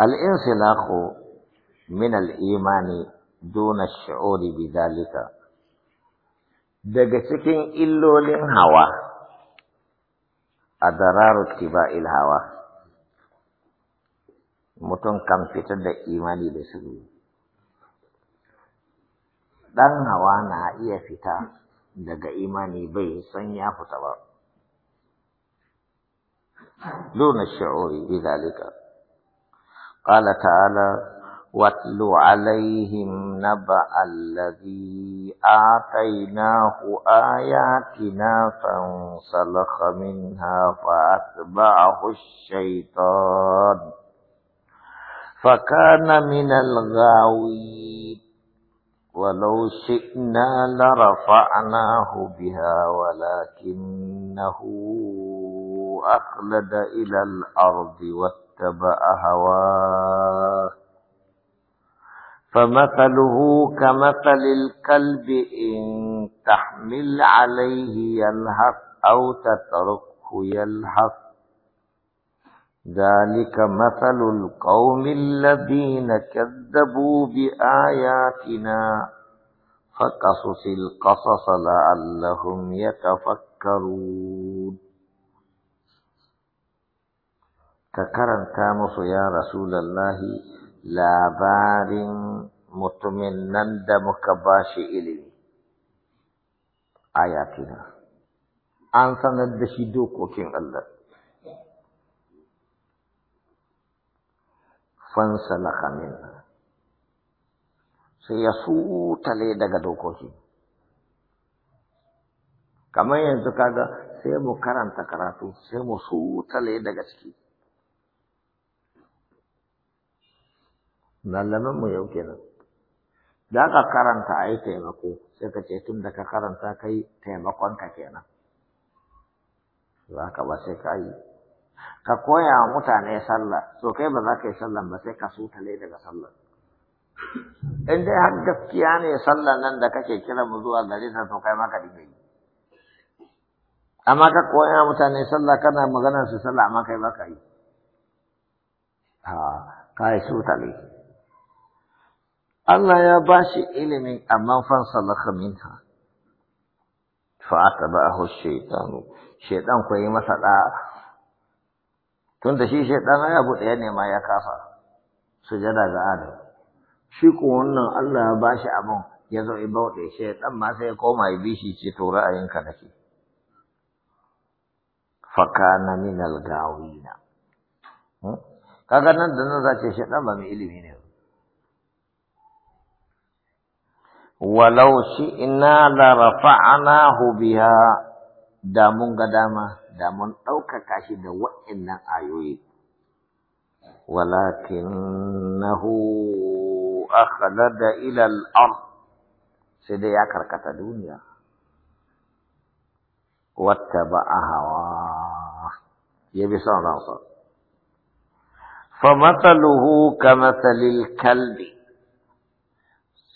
الانسلاخ من الإيمان دون الشعور بذلك daga cikin illolin hawa a dararu tiba'il hawa mutum kan fita da imani da su ɗan hawa na iya fita daga imani bai san ya fita ba duna sha'uri bi قال تعالى واتل عليهم نبأ الذي آتيناه آياتنا فانسلخ منها فأتبعه الشيطان فكان من الغاوين ولو شئنا لرفعناه بها ولكنه أخلد إلى الأرض والتقى اتبع هواه فمثله كمثل الكلب إن تحمل عليه يلهث أو تتركه يلهث ذلك مثل القوم الذين كذبوا بآياتنا فقصص القصص لعلهم يتفكرون ka karanta musu ya rasulallahi labarin mutumin nan da muka ba shi ilimi ayatina an sanar da shi dokokin Allah Fansa lakamin sai ya sutale daga dokoki kamar yanzu kaga sai mu karanta karatu sai mu sutale daga ciki Malaman mu yau kenan. Da ka karanta a yi taimako, sai ka ce tun da ka karanta kai taimakonka kenan. Za ka ba sai ka yi. Ka koya wa mutane sallah, so kai ba za ka yi sallah ba sai ka sutale daga sallah. In dai har gaskiya ne sallah nan da kake kira mu zuwa gari ta to kai ma ka dinga yi. Amma ka koya mutane sallah kana magana su sallah amma kai ba ka yi. Ha, ka yi sutale. Allah ya ba shi ilimin amma fansa laka minha fa'atba'ahu shaytanu shaytan ko yi masa Tun tunda shi shaitan ya buɗe ya nema ya kafa jada ga Adam shi ko wannan Allah ya shi abin ya zo ibaude shaitan ma sai ya koma ya bi shi ce to ra'ayinka ke. Faka min al-gawina hmm? kaga nan da nan ce shaitan ba mai ilimi ne walau shi'na la rafa'nahu biha da gadama damun dama da da waɗannan ayoyi walakinnahu akhlada ila al-ard sai dai ya karkata duniya wattaba'a hawa ya bisa Allah ransa فمثله كمثل الكلب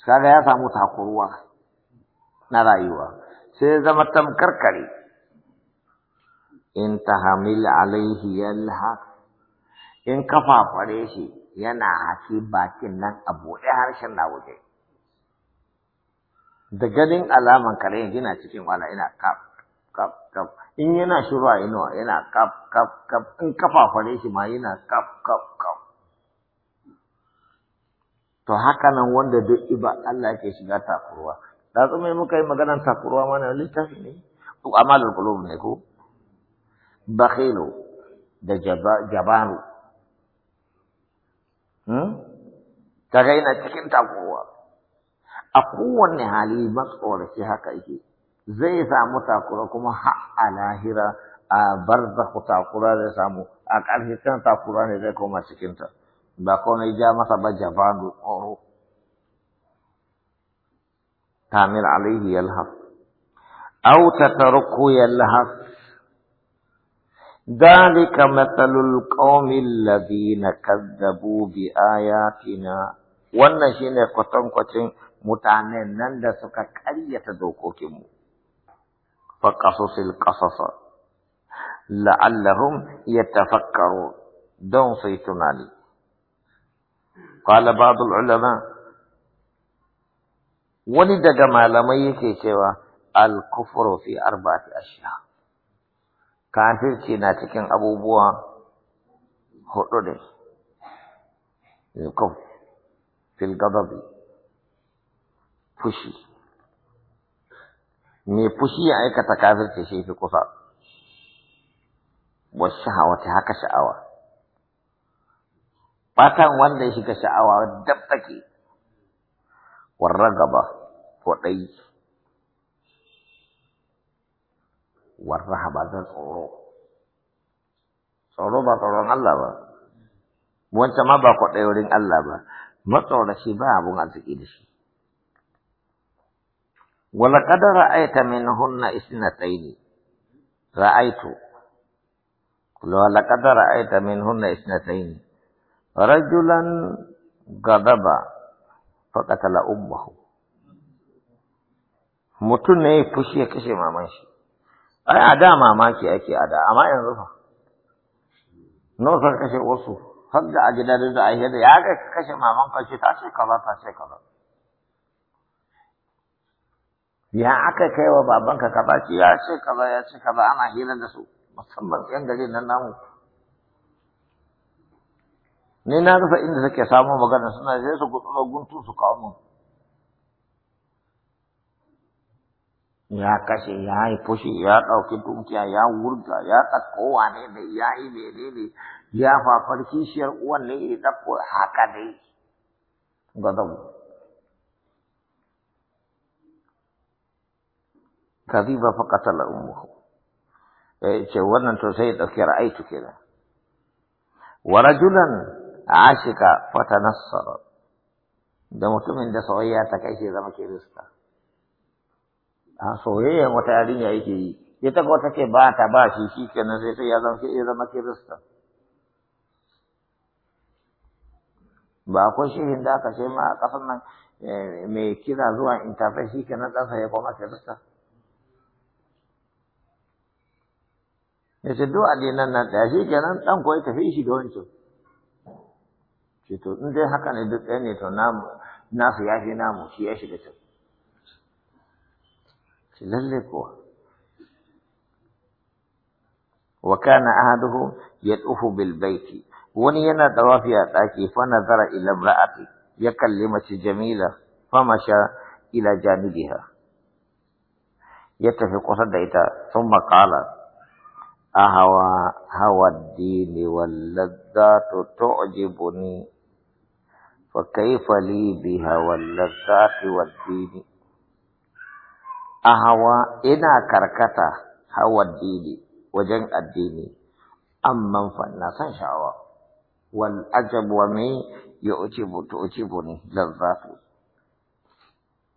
kaga ya samu takuruwa na rayuwa sai ya zama tamkar kare in ta hamil alaihi yalha in kafa fare shi yana haki bakin nan a buɗe harshen na waje da ganin alaman kare yana cikin wala ina kaf kaf kaf in yana shirwa inuwa yana kaf kaf kaf in kafa fare shi ma yana kaf kaf to haka nan wanda duk iba Allah ke shiga takurwa da tsume muka yi maganar takurwa mana littafi ne ko amalul qulub ne ko bakhilu da jabanu hmm ga ina cikin takurwa a kowanne hali matsoraci haka yake zai samu takura kuma har a lahira a barzakhu takura zai samu a ƙarshe kan takura ne zai koma cikinta ba komai ja masa ba jabanu تعمل عليه يلهف أو تتركه يلهف ذلك مثل القوم الذين كذبوا بآياتنا والنشين قطن قطن متعنين نندسك كرية دوكوكم فقصص القصص لعلهم يتفكرون دون سيتناني قال بعض العلماء wani daga malamai yake cewa al-kufru fi arba'ati ashiya kafirci na cikin abubuwa hudu ne kuf fil gadabi fushi Me fushi ya aikata kafirci shi fi kusa wasu ta haka sha'awa fatan wanda ya shiga sha'awa dab take والرغبة فدي والرهبة صورو صورو بطرون الله بوان سما باقو تيورين الله با مطر رشبا بوان تكيلش ولقد رأيت منهن إثنتين رأيت ولقد رأيت منهن إثنتين رجلا غضبا faƙatala ummahu mutum ne ya fushi ya kashe maman shi ai a da mamaki ake a da amma yanzu fa nawa ka kashe wasu har da a gida da a da ya ga kashe maman ka ce ta ce kaza ta ce kaza ya aka kai wa babanka kaza ce ya ce kaza ya ce kaza ana hira da su musamman yan gari nan namu ni na rasa inda suke samu magana suna sai su gutsuro guntu su kawo mun ya kashe ya yi fushi ya ɗauki dukiya ya wurga ya ɗauko ne da ya yi ne ya fafar kishiyar uwan ne ya ɗauko haka dai gadabu kadhiba fa qatala ummuhu eh ce wannan to sai ya ɗauki ra'aitu kenan wa julan. ashika fatanassara da mutumin da soyayya ta kai shi zama kirista a soyayya wata yarinya yake yi ita ko take ba ta ba shi shi kenan sai sai ya zama ya zama kirista ba akwai shirin da aka ce ma a ƙasar nan mai kira zuwa interface shi kenan ɗansa ya koma kirista ya ce duk addinan nan ɗaya shi kenan ɗan ko ya tafi shi da wancan ce to in dai haka ne duk ɗaya ne to namu nasu ya fi namu shi ya shiga can ce lalle kuwa wa kana ahaduhum yatufu bil baiti wani yana tawafi a ɗaki fa nazara ila imra'ati ya kalli mace jamila fa masha ila janibiha ya tafi kusa da ita sun maƙala أهوى هوى الدين واللذات تعجبني فكيف لي بهوى اللذات والدين أهوى إنا كركتا هوى الدين وجن الدين من فنى شعوى والعجب ومي يؤجب تؤجبني لذاته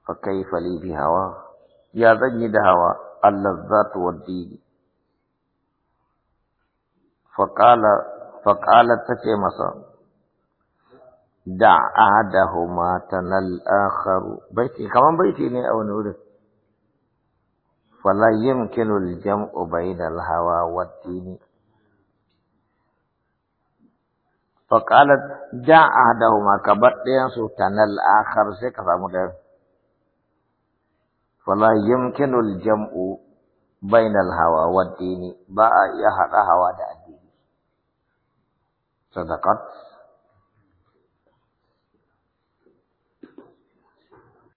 فكيف لي بهوى يا ذني دهوى اللذات والدين فقال فقالت مصر دع أحدهما تنا الآخر بيتي كمان بيتي ني أو نور فلا يمكن الجمع بين الهوى والدين فقالت دع أحدهما ينسو تنا الآخر سيكا مدر فلا يمكن الجمع بين الهوى والدين باء يهد هوى الدين صدقت